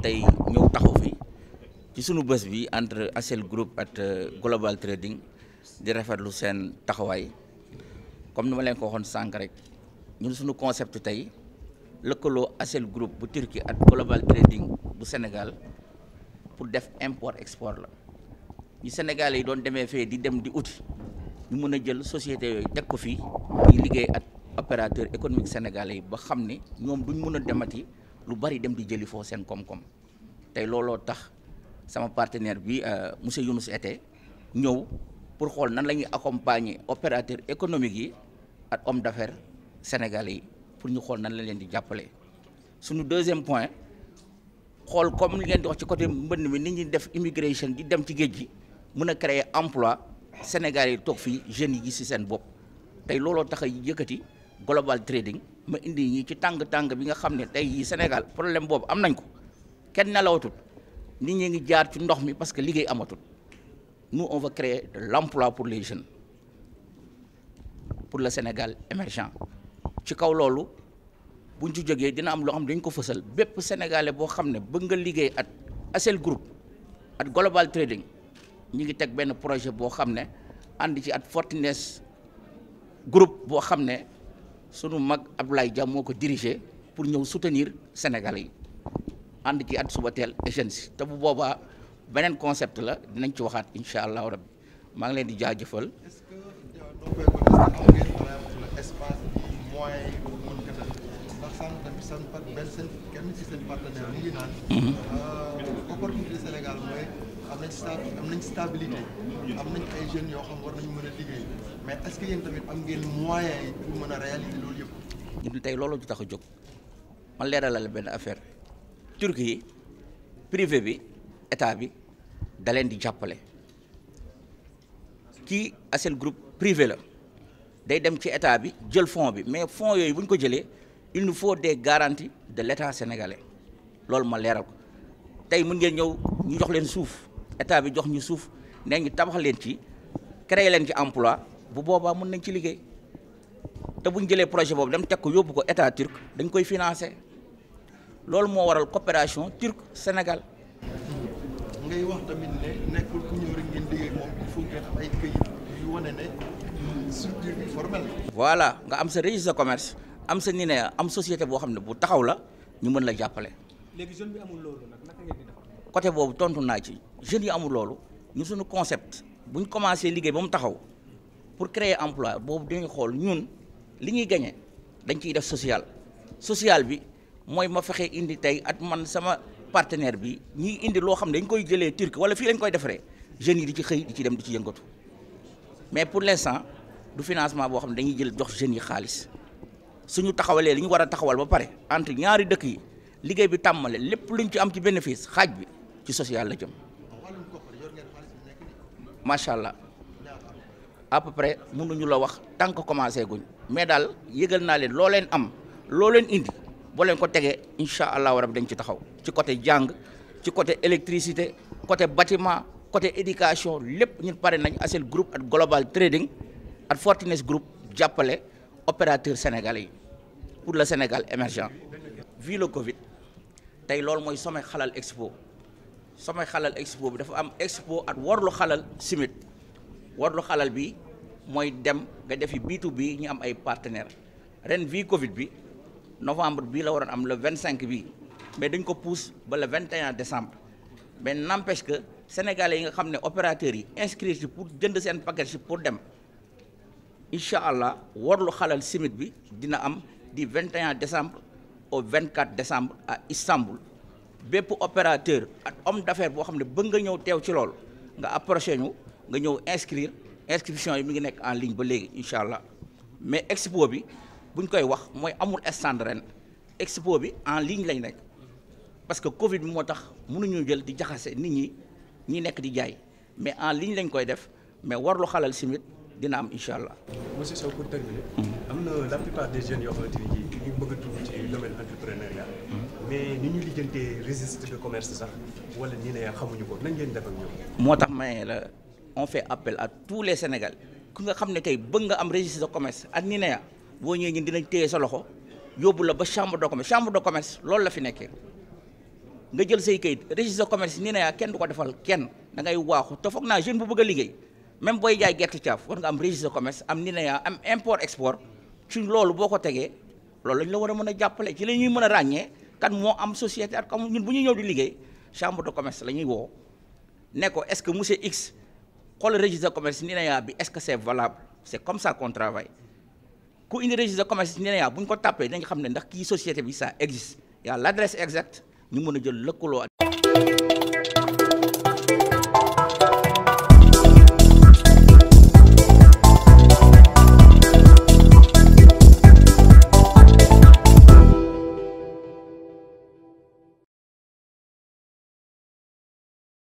tey ñëw taxu fi ci sunu bés bi entre Accel Group ak euh, Global Trading di rafetlu seen taxawaay comme ni ma leen ko waxoon sànq rek ñun suñu concept tey lëkkaloo Accel Group bu Turquie ak Global Trading bu senegal pour def import export la ñu Sénégalais yi doon demee fee di dem di uti ñu mën a jël société yooyu teg ko fii ñuy liggéey ak opérateur économique sénégalais yi ba xam ni ñoom duñ mën a demati. lu bari dem di jëli foofu seen koom-koom tey looloo tax sama partenaire bi euh, monsieur Younous Ete ñëw pour xool nan la ñuy accompagner opérateur économique yi ak homme d'affaires sénégal yi pour ñu xool nan la leen di jàppale suñu deuxième point xool comme li ngeen di wax ci côté mbënn mi nit ñi def immigration di dem ci géej gi mun a créer emploi Sénégal yi toog fi jeunes yi gis ci seen bopp tey looloo tax a yëkkati global trading ma indi ñi ci tàng-tàng bi nga xam ne tey yi Sénégal problème boobu am nañ ko kenn nelawatul nit ñi ngi jaar ci ndox mi parce que liggéey amatul nous on va créer de l'emploi pour les jeunes pour le Sénégal émergent ci kaw loolu buñ ci jógee dina am loo xam ne dañ ko fësal bépp sénégalais boo xam ne bëgg nga liggéey at Assel Group at Global Trading ñi ngi teg benn projet boo xam ne ànd ci at Fortines Group boo xam ne sunu mag Abdoulaye Dia moo ko dirigé pour ñëw soutenir sénégal yi ànd ci at suba teel et te bu boobaa beneen concept la dinañ ci waxaat incha allahu rabbi maa ngi leen di jaajëfal. est am nañ sta am ay jeunes yoo xam war nañu mën a liggéey mais est moyen yi pour mën a réaliser loolu yëpp. ñun tey loolu du tax a jóg man leeralal benn affaire turki yi privé bi état bi da leen di jàppale kii Asel groupe privé la day dem ci état bi jël fonds bi mais fonds yooyu buñ ko jëlee il nous faut des garanties de l' état sénégalais ma leeral ko tey mën ngeen ñëw ñu jox leen suuf. état bi jox ñu suuf nee ñu tabax leen ci créer leen ci emploi bu boobaa mun nañ ci liggéey te bu ñu jëlee projet boobu dem teg ko yóbbu ko état turc dañ koy financer loolu moo waral coopération turc Sénégal. ngay wax tamit ne nekkul ku ñëw rek ngeen liggéey moom il faut ngeen am ay këyit yu wane ne structure bi voilà nga am sa registre de commerce am sa ni am société boo xam ne bu taxaw la ñu mën la jàppale. léegi jeune bi amul côté boobu tontu naa ci jeunes yi amul loolu ñu suñu concept bu ñu commencé liggéey ba mu taxaw pour créer emploi boobu dinañ xool ñun li ñuy gañe dañ ciy def social social bi mooy ma fexe indi tey at man sama partenaire bi ñuy indi loo xam ne dañ koy jëlee turc wala fii lañ koy defaree jeunes yi di ci xëy di ci dem di ci yëngatu mais pour l'instant du financement boo xam ne dañuy jël jox jeunes yi xaalis ñu taxawalee li ñu war a taxawal ba pare entre ñaari dëkk yi liggéey bi tàmmale lépp luñ ci am ci bénéfice xaaj bi ci social la jëm macha allah à peu près mënuñu la wax tant que commencé guñ mais daal yëgal naa leen loo leen am loo leen indi boo leen ko tegee incha allahu rabi dañ ci taxaw ci côté jàng ci côté électricité côté batiment côté éducation lépp ñun pare nañ ACEL group at global trading at Fortinet group jàppale opérateur sénégalais yi pour le Sénégal émergent vu le Covid tey loolu mooy sommet Halal Expo samay xalal expo bi dafa am expo at warlu xalal simit warlu xalal bi mooy dem nga defi biitu bii ñu am ay partenaire ren bii Covid bi novembre bii la waroon am le cinq bii mais dañ ko pousse ba le 21 décembre mais n'empêche que sénégalais yi nga xam ne opérateurs yi inscrits yi pour jënd seen package pour dem incha allah warlu xalal simit bi dina am du 21 décembre au 24 décembre à Istanbul. bépp opérateur ak homme d'affaires boo xam ne bëgg nga ñëw teew ci loolu nga approché ñu nga ñëw inscrire inscription yi mi ngi nekk en ligne ba léegi incha allah mais expo bi buñ koy wax mooy amul stand ren expo bi en ligne lañ nekk parce que Covid bi moo tax mënuñu jël di jaxase nit ñi ñi nekk di jaay mais en ligne lañ koy def mais warlu xalal simit dina am incha allah. monsieur Sow pour terminer. yoo ñu bëgg a hmm. ni ñu lijjantee registre de commerce sax wala nii ne yaa xamuñu ko nañ leen def ak moo tax maye la on fait appel à tous les sénégal ku nga xam ne tey bëgg nga am registre de commerce ak nii yaa ah, boo ñëwee ñun dinañ téye sa loxo yóbbu la ba chambre de commerce chambre de commerce loolu la fi nekkee nga jël say kayit registre de commerce nii ah, kenn du ko defal kenn dangay ngay waaxu te foog naa jeune bu bëgg a liggéey. même booy jaay gerte caaf war nga am registre de commerce am ni yaa ah, am import export ci loolu boo ko tegee loolu lañ la war a mën a jàppale ci la ñuy mën a ràññee kan moo am société ak comme bu ñu ñëw di liggéey chambre de commerce la ñuy woo ne ko est-ce que monsieur X xool registre de commerce NINEA bi est-ce que c'est valable c'est comme ça qu'on travaille ku indi registre de commerce NINEA bu ñu ko tàppee dañ xam ne ndax kii société bi ça existe y a l'adresse exacte ñu mën a jël lëkkaloo.